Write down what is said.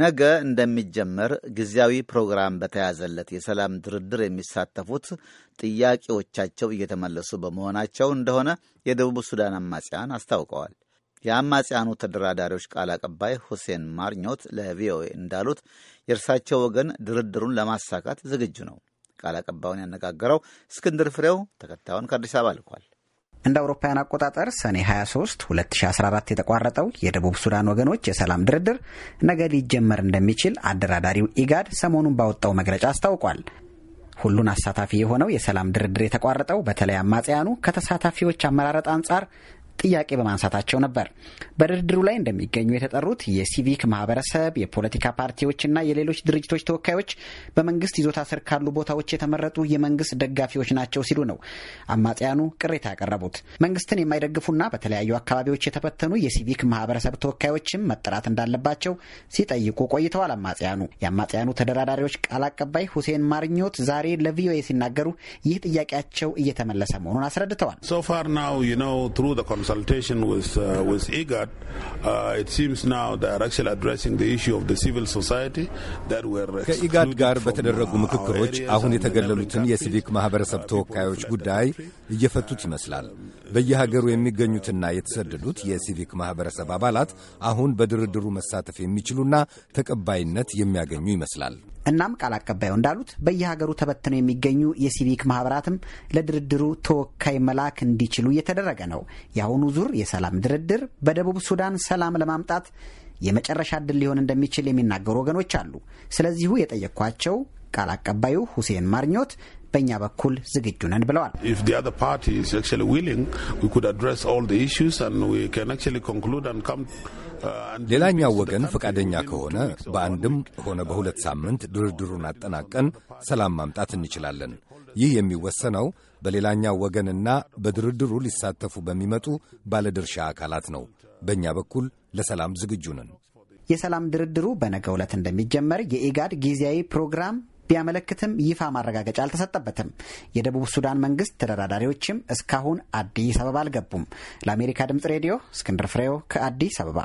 ነገ እንደሚጀመር ጊዜያዊ ፕሮግራም በተያዘለት የሰላም ድርድር የሚሳተፉት ጥያቄዎቻቸው እየተመለሱ በመሆናቸው እንደሆነ የደቡብ ሱዳን አማጽያን አስታውቀዋል። የአማጽያኑ ተደራዳሪዎች ቃል አቀባይ ሁሴን ማርኞት ለቪኦኤ እንዳሉት የእርሳቸው ወገን ድርድሩን ለማሳካት ዝግጁ ነው። ቃል አቀባዩን ያነጋገረው እስክንድር ፍሬው ተከታዩን ከአዲስ አበባ ልኳል። እንደ አውሮፓውያን አቆጣጠር ሰኔ 23 2014 የተቋረጠው የደቡብ ሱዳን ወገኖች የሰላም ድርድር ነገ ሊጀመር እንደሚችል አደራዳሪው ኢጋድ ሰሞኑን ባወጣው መግለጫ አስታውቋል። ሁሉን አሳታፊ የሆነው የሰላም ድርድር የተቋረጠው በተለይ አማጽያኑ ከተሳታፊዎች አመራረጥ አንጻር ጥያቄ በማንሳታቸው ነበር። በድርድሩ ላይ እንደሚገኙ የተጠሩት የሲቪክ ማህበረሰብ፣ የፖለቲካ ፓርቲዎችና የሌሎች ድርጅቶች ተወካዮች በመንግስት ይዞታ ስር ካሉ ቦታዎች የተመረጡ የመንግስት ደጋፊዎች ናቸው ሲሉ ነው አማጽያኑ ቅሬታ ያቀረቡት። መንግስትን የማይደግፉና በተለያዩ አካባቢዎች የተበተኑ የሲቪክ ማህበረሰብ ተወካዮችም መጠራት እንዳለባቸው ሲጠይቁ ቆይተዋል። አማጽያኑ የአማጽያኑ ተደራዳሪዎች ቃል አቀባይ ሁሴን ማርኞት ዛሬ ለቪኦኤ ሲናገሩ ይህ ጥያቄያቸው እየተመለሰ መሆኑን አስረድተዋል። consultation with uh, with IGAD, uh, it seems now they are actually addressing the issue of the civil society that were ከኢጋድ ጋር በተደረጉ ምክክሮች አሁን የተገለሉትን የሲቪክ uh, ማህበረሰብ ተወካዮች ጉዳይ እየፈቱት ይመስላል። በየሀገሩ የሚገኙትና የተሰደዱት የሲቪክ ማህበረሰብ አባላት አሁን በድርድሩ መሳተፍ የሚችሉና ተቀባይነት የሚያገኙ ይመስላል። እናም ቃል አቀባዩ እንዳሉት በየሀገሩ ተበትነው የሚገኙ የሲቪክ ማህበራትም ለድርድሩ ተወካይ መላክ እንዲችሉ እየተደረገ ነው። የአሁኑ ዙር የሰላም ድርድር በደቡብ ሱዳን ሰላም ለማምጣት የመጨረሻ እድል ሊሆን እንደሚችል የሚናገሩ ወገኖች አሉ። ስለዚሁ የጠየቅኳቸው ቃል አቀባዩ ሁሴን ማርኞት በእኛ በኩል ዝግጁ ነን ብለዋል። uh, ሌላኛው ወገን ፈቃደኛ ከሆነ በአንድም ሆነ በሁለት ሳምንት ድርድሩን አጠናቀን ሰላም ማምጣት እንችላለን። ይህ የሚወሰነው በሌላኛው ወገንና በድርድሩ ሊሳተፉ በሚመጡ ባለድርሻ አካላት ነው። በእኛ በኩል ለሰላም ዝግጁ ነን። የሰላም ድርድሩ በነገ ዕለት እንደሚጀመር የኢጋድ ጊዜያዊ ፕሮግራም ቢያመለክትም ይፋ ማረጋገጫ አልተሰጠበትም። የደቡብ ሱዳን መንግስት ተደራዳሪዎችም እስካሁን አዲስ አበባ አልገቡም። ለአሜሪካ ድምጽ ሬዲዮ እስክንድር ፍሬው ከአዲስ አበባ